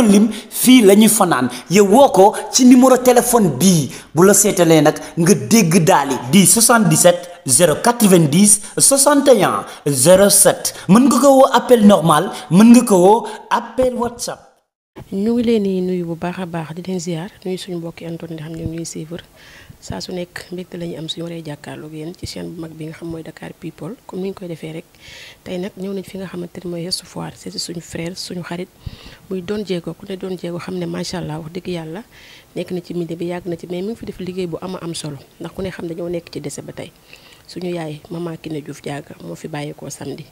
doon lim fii la ñuy fanaan yow woo ko ci numéro téléphone bii bu la seetalee nag nga dégg daali di 77 090 61 07 mën nga ko woo appel normal mën nga ko woo appel whatsapp. ñu ngi leen di nuyu bu baax a baax di leen ziar nuyu suñ mbokki antoon di xam ne ñuy suivre. saa su nekk mbégte la ñu am suñu waree jàkkaarloog yéen ci chaîne bu mag bi nga xam mooy Dakar People comme ni ñu koy defee rek tey nag ñëw nañ fi nga xamante ni mooy Ouest Foire c'est suñu frère suñu xarit muy Don Diego ku ne Don Diego xam ne macha allah wax dëgg yàlla nekk na ci milieu bi yàgg na ci mais mi ngi fi def liggéey bu am am solo ndax ku ne xam ne ñoo nekk ci dese ba tey suñu yaay maman Kiné Diouf Diaga moo fi bàyyeekoo samedi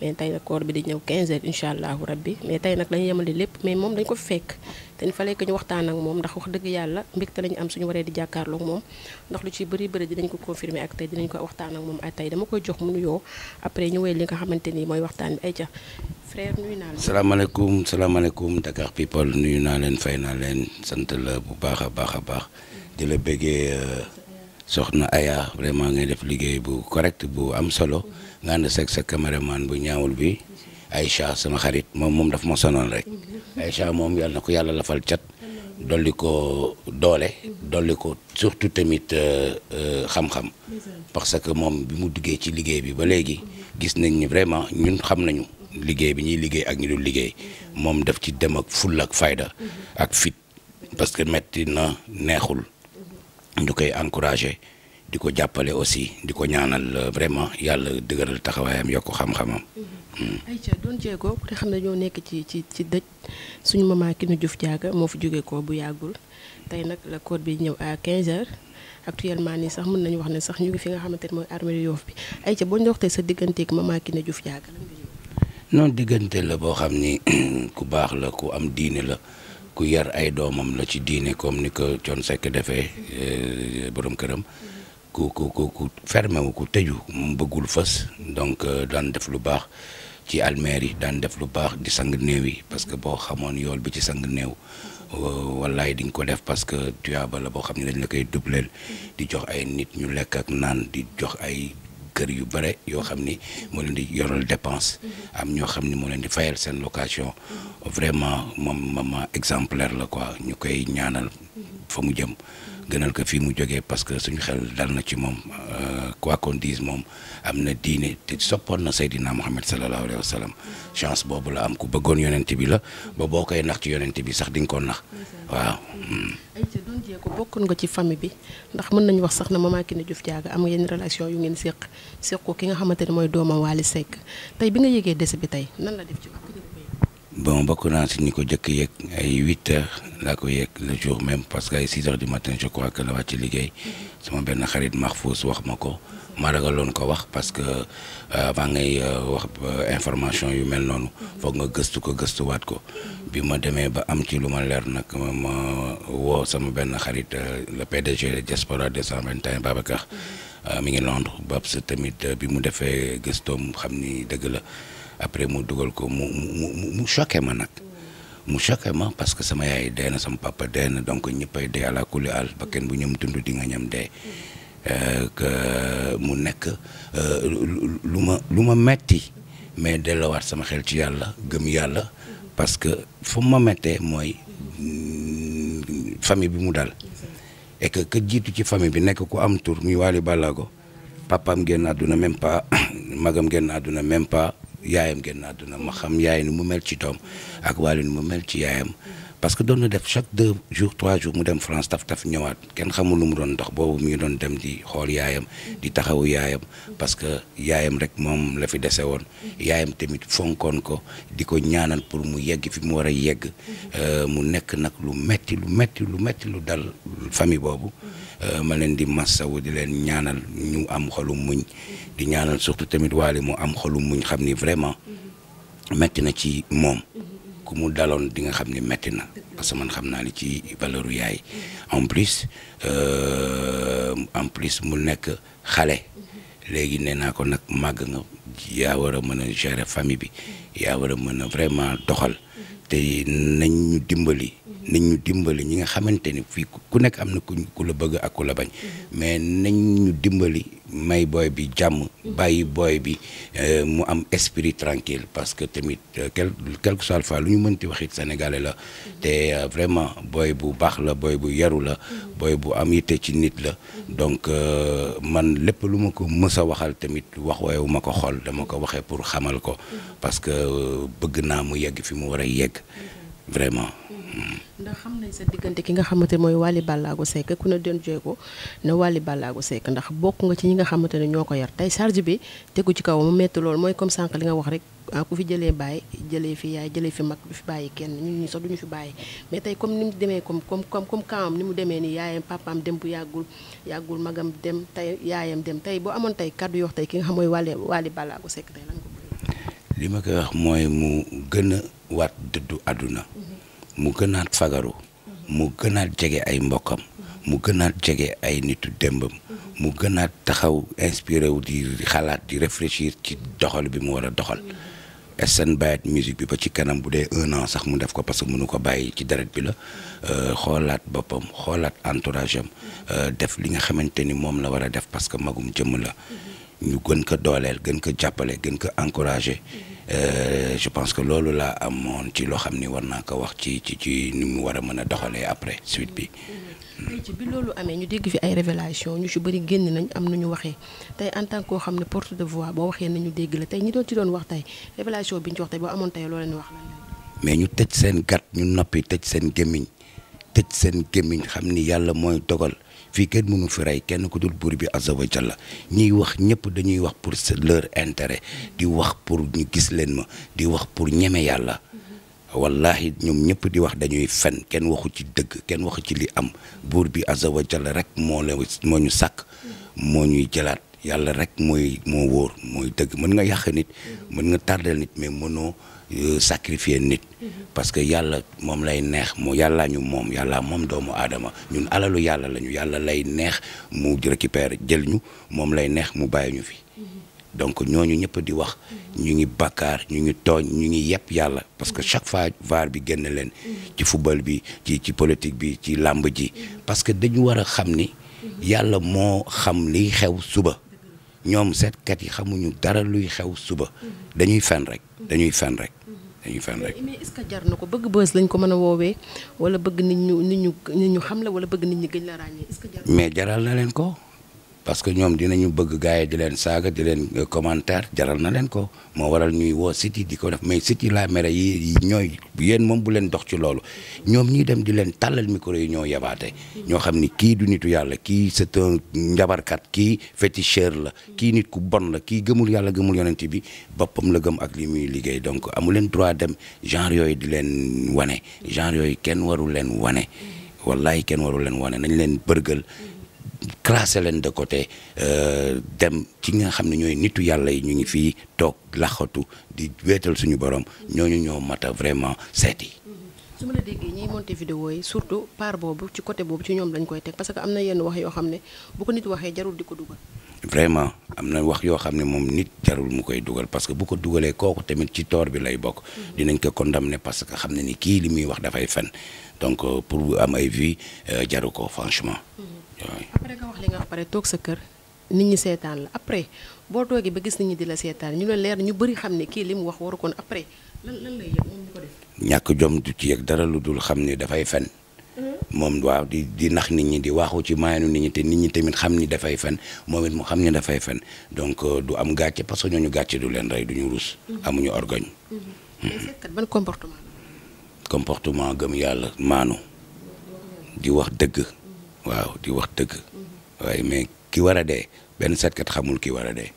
mais tey nag koor bi di ñëw 15 heures incha allahu rabbi mais tey nag dañu yemale lépp mais moom dañ ko fi fekk te il fallait que ñu waxtaan ak moom ndax wax dëgg yàlla mbégte lañu am suñu waree di jàkkaarloog moom ndax lu ci bëri bëri dinañ ko confirmer ak tey dinañ ko waxtaan ak moom ay tey dama koy jox mu nuyoo après ñu wéy li nga xamante ni mooy waxtaan bi ay ca frère nuyu naa la. salaamaaleykum salaamaaleykum Dakar People nuyu naa leen fay naa leen sant la bu baax a baax a baax di la bëggee euh, soxna Aya vraiment ngay def liggéey bu correct bu am solo nga ànd seeg sa caméraman bu ñaawul bi Aïcha sama xarit moom moom daf ma sonal rek Aïcha moom yàlla na ko yàlla lafal cat dolli ko doole dolli ko surtout tamit euh, euh, xam-xam parce que moom bi mu diggee ci liggéey bi ba léegi gis nañ ni vraiment ñun xam nañu liggéey bi ñuy liggéey ak ñu dul liggéey moom daf ci dem ak full ak fayda ak fit parce que metti na neexul ñu koy encouragé di ko jàppale aussi di ko ñaanal euh, vraiment yàlla dëgëral taxawaayam yokk xam-xamam. Mmh. ayca doon jéego ku xam ne ñoo nekk ci ci ci dëj suñu maman Kiné Diouf Diaga moo fi jóge ko bu yàggul tey nag la code bi ñëw a quinze h actuellement nii sax mën nañu wax ne sax ñu ngi fi nga xamante ne mooy armée Yoff bi ayca boo ñu waxtee sa digganteeg maman Kiné Diouf Diaga lan diggante la boo xam ni ku baax la ku am diine la. ku yar ay doomam la ci diine comme ni ko Thione Seck defee eh, borom këram ku ku ku ku fermé wu ku tëju mu bëggul fës donc euh, daan def lu baax ci almeer yi daan def lu baax di sang néew yi parce que boo xamoon yool bi ci sang néew euh, wallaay di nga ko def parce que tuyaaba la boo xam ne dañ la koy dubleel di jox ay nit ñu lekk ak naan di jox ay kër yu bare yoo xam ni moo leen di yoral dépense am ñoo xam ni moo leen di fayal seen location vraiment moom maman exemplaire la ko ñu koy ñaanal fa mu jëm gënal ko fii mu jógee parce que suñu xel dal na ci moom euh, quoi qu'on moom am na diine te soppoon na Seydina Muhammad sallallahu alayhi wa sallam chance boobu la am ku bëggoon yonent bi la ba boo koy nax ci yonent bi sax di nga ko nax waaw. Mm. ayca bokkoon nga ci famille bi ndax mën nañu wax sax ne maman Kiné Diouf Diaga am yenn relation yu ngeen séq séq ki nga xamante ne mooy doomam Wally Seck tey bi nga yëgee dese bi tey nan la def ci bon bokk naa si ñi ko jëkk yeeg ay huit heures laa ko yeeg le jour même parce que ay six heures du matin je crois que la wàcc liggéey mhm. sama benn xarit Mahfouz wax ma ko ma ragaloon ko wax parce que euh, avant ngay euh, wax euh, information yu mel noonu mhm. foog nga gëstu ko gëstuwaat ko mhm. bi ma demee ba am ci lu ma leer nag ma woo sama benn xarit le PDG de Diaspora 221 Babacar mi ngi Londres Babs tamit bi mu defee gëstoom xam ni dëgg la après mu dugal ko mu mu mu choqué ma nag mu choqué ma parce que sama yaay dee na sama papa dee na donc ñëppay dee àla kulli àll ba bu ñoom tund di nga ñam dee euh, que mu nekk euh, lu ma lu ma metti mais dellowaat sama xel ci yàlla gëm yàlla parce que fu ma mettee mooy mm, famille bi mu dal et que que jiitu ci famille bi nekk ku am tur muy Wally Ballago papaam génn àdduna même pas magam génn àdduna même pas yaayam génn àdduna ma xam yaay ni mu mel ci doom ak wàllu ni mu mel ci yaayam parce que doon na def chaque deux jours trois jours mu dem France taf taf ñëwaat kenn xamul lu mu doon dox boobu mu ngi doon dem di xool yaayam di taxawu yaayam parce que yaayam rek moom la fi dese woon yaayam tamit fonkoon ko di ko ñaanal pour mu yegg fi mu war a yegg euh, mu nekk nag lu metti lu metti lu metti lu dal famille boobu euh, ma leen di massawu di leen ñaanal ñu am xolu muñ di ñaanal surtout tamit waale mu am xolu muñ xam ni vraiment metti na ci moom ku mu daloon di nga xam ni metti na parce que man xam naa ni ci valeur yaay en plus euh, en plus mu nekk xale léegi nee naa ko nag màgg nga yaa war a mën a gérer famille bi yaa war a mën a vraiment doxal te nañ ñu dimbali nañ ñu dimbali ñi nga xamante ni fii ku nekk am na ku la bëgg ak ku la bañ mais nañ ñu dimbali may booy bi jàmm bàyyi booy bi euh, mu am esprit tranquille parce que tamit euh, quel quel que soit le fois lu ñu mën ti it sénégalais la te euh, vraiment booy bu baax la booy bu yaru la booy bu am yitte ci nit la donc man lépp lu ma ko mës a waxal tamit wax woowu ma ko xool dama ko waxee pour xamal ko parce que bëgg naa mu yegg fi mu war a yegg vraiment ndax xam nañ sa diggante ki nga xamante mooy Wally Ballago Seck ku ne doon ko ne Wally Ballago Seck ndax bokk nga ci ñi nga xamante ne ñoo ko yar tey charge bi tegu ci kaw mu metti lool mooy comme sànq li nga wax rek ah, ku fi jëlee bàyyi jëlee fi yaay jële fi mag du fi bàyyi kenn ñun ñu sax du fi bàyyi mais tey comme ni mu demee comme comme comme comme kaamam ni mu ni yaayam papaam dem bu yàggul yàggul magam dem tey yaayam dem tey boo amoon tey kàddu yoo tey ki nga xam mooy Wally Wally Ballago Seck tey lan li ma wax mooy mu gën a waat dëddu àdduna mm-hmm. mu gënaat fagaru mu gënaat jege ay mbokkam mu gënaat jege ay nitu démbam mu gënaat taxaw inspiré wu di xalaat di réfléchir ci doxal bi mu war a doxal seen bàyyat musique bi ba ci kanam bu dee un an sax mu def ko parce que nu ko bàyyi ci deret bi la euh, xoolaat boppam xoolaat entourage am euh, def li nga xamante ni moom la war a def parce que magum jëmm la ñu gën ko dooleel gën ko jàppale gën ko encouragé Euh, je pense que loolu laa amoon ci loo xam ni war naa ko wax ci ci ci ni mu war a mën a doxalee après suite bi. Mm-hmm. ci bi loolu amee ñu dégg fi ay révélation ñu ci bëri génn nañ am nañu waxee tey en tant que koo xam ne porte de voix boo waxee nañu dégg la tey ñi doon ci doon wax tey révélation bi ñu ci wax tey boo amoon tey loolu leen wax la mais ñu tëj seen gat ñu noppi tëj seen gémmiñ tëj seen gémmiñ xam ni yàlla mooy dogal fii kenn mënu fi rey kenn ku dul buur bi azza wa jalla ñiy wax ñëpp dañuy wax pour leur intérêt di wax pour ñu gis leen ma di wax pour ñeme yàlla wallahi ñoom ñëpp di wax dañuy fen kenn waxu ci dëgg kenn waxu ci li am buur bi azza wa rek moo la moo ñu sàkk moo ñuy jëlaat yàlla rek mooy moo wóor mooy dëgg mën nga yàq nit mën nga tardel nit mais mënoo Euh, sacrifier nit parce que yàlla moom lay neex mu yàllaa ñu moom yàlla moom doomu aadama ñun alalu yàlla lañu yàlla lay neex mu récupérer jël ñu moom lay neex mu bàyyi ñu fi donc ñooñu ñëpp di wax ñu ngi bakkaar ñu ngi tooñ ñu ngi yepp yàlla parce que chaque fois VAR bi génn leen ci football bi ci ci politique bi ci làmb ji parce que dañu war a xam ni yàlla moo xam liy xew suba ñoom seetkat yi xamuñu dara luy xew suba mhm. dañuy fen rek mhm. dañuy fen rek mhm. dañuy fen rek. est-ce que jar na ko bëgg bës lañ ko mën a woowee wala bëgg nit ñu nit ñu nit ñu xam la wala bëgg nit ñi gën la ràññee mais jaral na leen ko. parce que ñoom dinañu bëgg gars yi di leen saaga di leen euh, commentaire jaral na leen ko moo waral ñuy woo siti di ko def mais site yi laa mere yi ñooy yéen moom bu leen dox ci loolu ñoom ñuy dem di leen tàllal micro yi ñoo yabaate ñoo xam ni kii du nitu yàlla kii c'est un njabarkat kii féticheur la kii nit ku bon la kii gëmul yàlla gëmul yonent bi boppam la gëm ak li muy liggéey donc amu leen droit dem genre yooyu di leen wane genre yooyu kenn warul leen wane wallahi kenn warul leen wane nañ leen bërgal classé leen de côté euh, dem ci nga xam ne ñooy nitu yàlla yi ñu ngi fii toog laxatu di weetal suñu borom ñooñu ñoo mat a vraiment seeti. su ma la déggee ñiy monté vidéo yi surtout part boobu ci côté boobu ci ñoom lañ koy teg parce que am na yenn wax yoo xam ne bu ko waxee jarul di ko dugal. am na wax yoo xam ne moom nit jarul mu koy dugal parce que bu ko dugalee kooku tamit ci toor bi lay bokk. Mhm. dinañ ko ne parce que xam na ni kii li muy wax dafay fen donc euh, pour bu am ay vie jaru ko franchement. Mhm. après nga wax li nga wax pare toog sa kër nit ñi seetaan la après boo toogee ba gis nit ñi di la seetaan ñu la leer ñu bëri xam ne kii li mu wax waru koon après lan lan lay ñàkk jom du ci yëg dara lu dul xam ne dafay fen mm-hmm. moom waaw di di nax nit ñi di waaxu ci maayanu nit ñi te nit ñi tamit xam ni dafay fen moom it mu xam ne dafay fen donc euh, du am gàcce parce que ñooñu gàcce du leen rey du ñu rus. Mm-hmm. amuñu orgoñ. Mm-hmm. seetkat ban comportement. gëm yàlla maano di wax dëgg. waaw di wax dëgg waaye mais ki war a dee benn seetkat xamul ki war a dee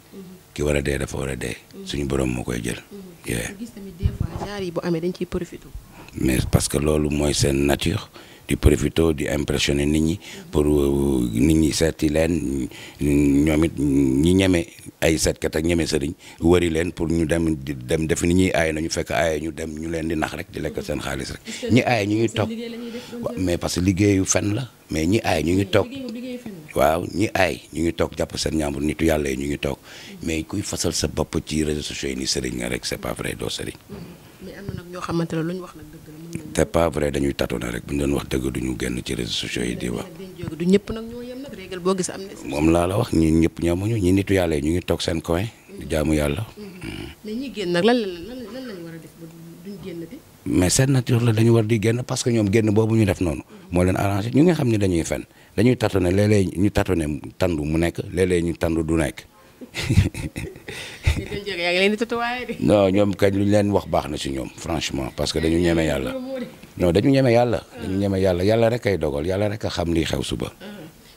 ki war a dee dafa war a dee suñu borom moo koy jël. gis tamit des fois genre yi bu amee dañ ciy profité. mais parce que loolu mooy seen nature. di profito di impressionné nit ñi pour euh, nit ñi seeti leen ñoom it ñi ñeme ay seetkat ak ñeme sëriñ wari leen pour ñu dem dem def ni ñuy aaye nañu fekk aaye ñu dem ñu leen di nax rek di lekk seen xaalis rek ñi aaye ñu ngi toog mais parce que liggéeyu fen la mais ñi ay ñu ngi toog waaw ñi ay ñu ngi toog jàpp seen ñaambur nitu yàlla yi ñu ngi toog mais kuy fasal sa bopp ci réseaux sociaux yi nii sëriñ nga rek c'est pas vrai doo sëriñ. Mm-hmm. mais te pas vrai dañuy tâtonner rek bu ñu doon wax dëgg du génn ci réseaux sociaux yi di wax. du ñëpp nag boo gis am na. moom laa la wax ñi ñëpp ñamuñu ñi nitu yàlla yi ñu ngi toog seen coin. di jaamu yàlla. mais génn nag lan a def seen nature la dañu war di génn parce que ñoom génn boobu ñu def noonu. moo leen arrangé ñu nga xam ne dañuy fen dañuy tâtonner léeg-léeg ñu tâtonner tàndu mu nekk léeg ñu tàndu du nekk. non ñoom kañ lu ñu leen wax baax na si ñoom franchement parce que dañu ñeme yàlla. non dañu ñeme yàlla. dañu ñeme yàlla yàlla rek ay dogal yàlla rek a xam li xew suba. Euh,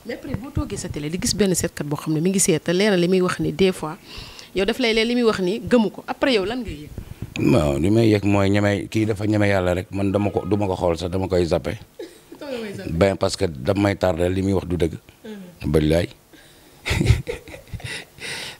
mais après boo toogee sa di gis benn seetkat boo xam ne mi ngi seet te leer li muy wax ni des fois yow daf lay leen li muy wax ni gëmu ko après yow lan ngay yëg. non li may yëg mooy ñeme kii dafa ñeme yàlla rek man dama ko du ko xool sax dama koy zappe. ben parce que may tardé li muy wax du dëgg. billaay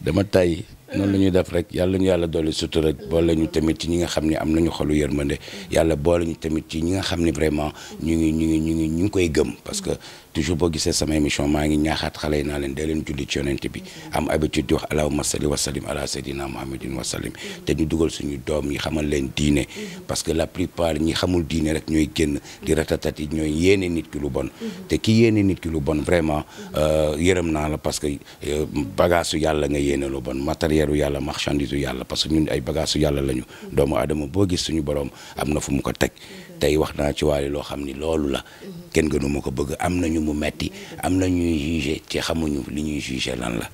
dama tàyyi noonu la ñuy def rek yàlla ñu yàlla doole sutura boole ñu tamit ci ñi nga xam ne am nañu xolu yërmande yàlla boole ñu tamit ci ñi nga xam ne vraiment ñu ngi ñu ngi ñu ngi ñu ngi koy gëm parce toujours boo gisee sama émission maa ngi ñaaxaat xale yi naa leen dee leen julli ci yonent bi am habitude di wax allahumma salli wa sallim ala sayyidina muhammadin wa sallim te ñu dugal suñu doom yi xamal leen diine parce que la plupart ñi xamul diine rek ñooy génn di ratatat yi ñooy yéene nit ki lu bon te ki yéene nit ki lu bon vraiment euh, yërëm naa la parce que euh, bagage su yàlla nga yéene lu bon matériel yàlla marchandise yàlla parce que ñun ay bagage su yàlla lañu doomu aadama boo gis suñu borom am na fu mu ko teg tey wax naa ci Wally loo xam ni loolu la kenn gënu ma ko bëgg am nañu mu metti am na ñuy jugé ci xamuñu li ñuy jugé lan la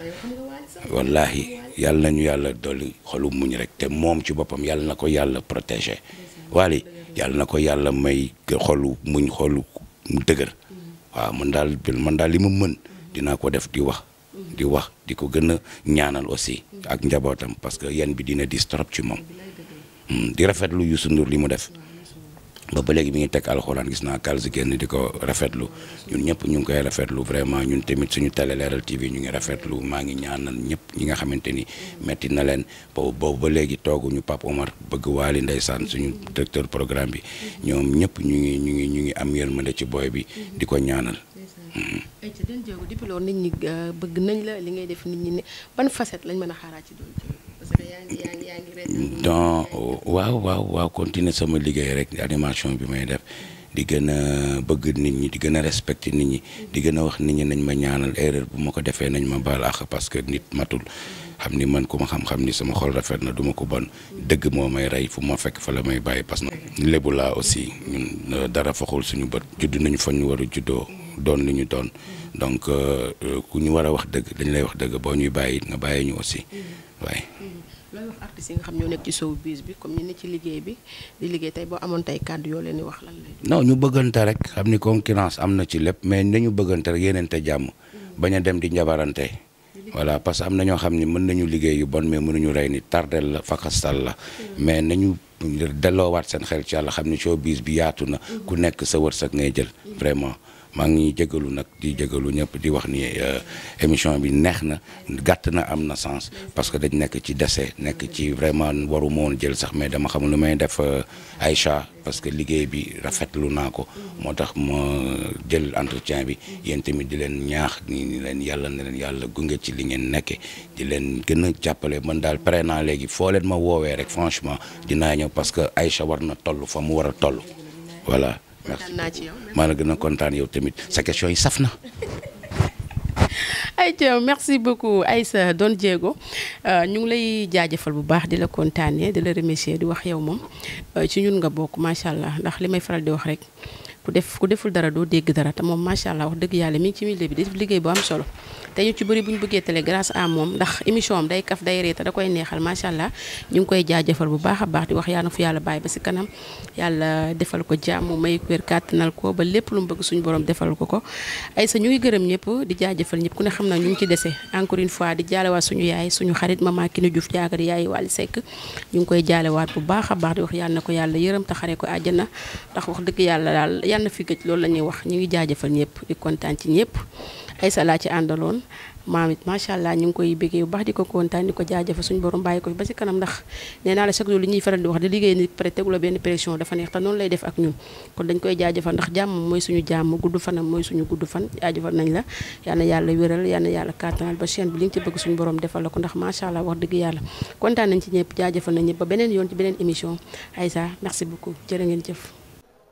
wallahi yàlla nañu yàlla dolli xolu muñ rek te moom ci boppam yàlla na ko yàlla protégé Wally yàlla na ko yàlla may xolu muñ xolu mu dëgër waaw man daal man daal li ma mën dinaa ko def di wax di wax di ko gën ñaanal aussi ak njabootam parce que yan bi dina dis trop ci moom hmm, di rafetlu Youssou Ndour li mu def ba léegi mi ngi teg alxuraan gis naa kalsi génn di ko rafetlu ñun ñëpp ñu ngi koy rafetlu vraiment ñun tamit suñu télé leeral TV ñu ngi rafetlu maa ngi ñaanal ñëpp ñi nga xamante ni métti na leen boobu boobu ba léegi tooguñu Pape Omar bëgg waali ndeysaan suñu directeur programme bi ñoom ñëpp ñu ngi ñu ngi ñu ngi am yërmande ci booy bi di ko ñaanal. Mm-hmm. ay euh, bëgg nañ li ngay def nit ñi ne ban lañ mën a xaaraat donc waaw waaw waaw continuer sama liggéey rek animation bi may def di gën a bëgg nit ñi di gën a respecter nit ñi di gën a wax nit ñi nañ ma ñaanal erreur bu ma ko defee nañ ma balaax àq parce que nit matul xam ni man ku ma xam-xam ni sama xol rafet na duma ko bon dëgg moo may rey fu ma fekk fa la may bàyyi parce que lébu laa aussi ñun euh, dara faxul suñu bët judd nañu fa ñu waru a juddoo doon li ñu doon donc euh, euh, ku ñu war a wax dëgg dañu lay wax dëgg boo ñuy bàyyi nga bàyyee ñu aussi waay. looy nga xam ñoo nekk ci showbiz bi comme ñu ne ci liggéey bi di liggéey tey boo amoon tey kàddu yoo leen di wax lan la. ñu bëgganta rek xam ni concurrence am na ci lépp mais nañu bëggante rek yéeneente jàmm. Mm. bañ a dem di njabarante. voilà parce que am na ñoo xam ni mën nañu liggéey yu bon mais mënuñu rey ni tardel la fakastal la mm. mais nañu delloowaat seen xel ci yàlla xam ni biis bi yaatu na mm. ku nekk sa wërsëg ngay jël vraiment. maa ngi jégalu nag di jégalu ñëpp di wax ni euh, émission bi neex na gàtt na am na sens parce que dañ nekk ci dese nekk ci vraiment waru jël sax mais dama xam lu may def ay euh, Aïcha parce que liggéey bi rafetlu naa ko moo tax ma jël entretien bi yéen tamit di leen ñaax ni leen yàlla na leen yàlla gunge ci li ngeen nekke di leen gën a jàppale man daal pare naa léegi foo leen ma woowee rek franchement dinaa ñëw parce que Aïcha war na toll fa mu war a toll merci maa la gën a kontaan yow tamit sa question yi saf na. ay ayca merci beaucoup Aïssa Don Diego euh, ñu ngi lay jaajëfal bu baax di la kontaanee di la remercier di wax yow moom euh, ci ñun nga bokk macha allah ndax li may faral di wax rek. ku def ku deful dara doo dégg dara te moom macha allah wax dëgg yàlla mi ci milieu bi def liggéey bu am solo te ñu ci bëri bu ñu bëggee télé grâce à moom ndax émission am day kaf day ree da koy neexal macha allah ñu ngi koy jaajëfal bu baax a ba ba lépp lu suñu borom defal ko ko ay di yaay suñu xarit maman ñu ngi koy jaalewaat bu baax a baax di wax yàlla na ko yàlla yërëm xare ko àjjana ndax wax dëgg yàlla daal yàlla na fi gëj loolu la ñuy wax ñu ngi jaajëfal ñëpp di kontaan ci ñëpp ay salaa ci àndaloon maam it macha allah ñu ngi koy bëggee di ko ko jaajëfal suñu ko fi ba si kanam ndax nee naa la chaque jour li ñuy faral di wax di liggéey ni pare tegu la benn pression dafa neex te noonu lay def ak ñun kon dañ koy jaajëfal ndax jàmm mooy na yàlla wéral yal ko kontaan ci ñëpp jaajëfal nañ ñëpp ba beneen yoon ci beneen émission Aïssa merci beaucoup jërë ngeen jëf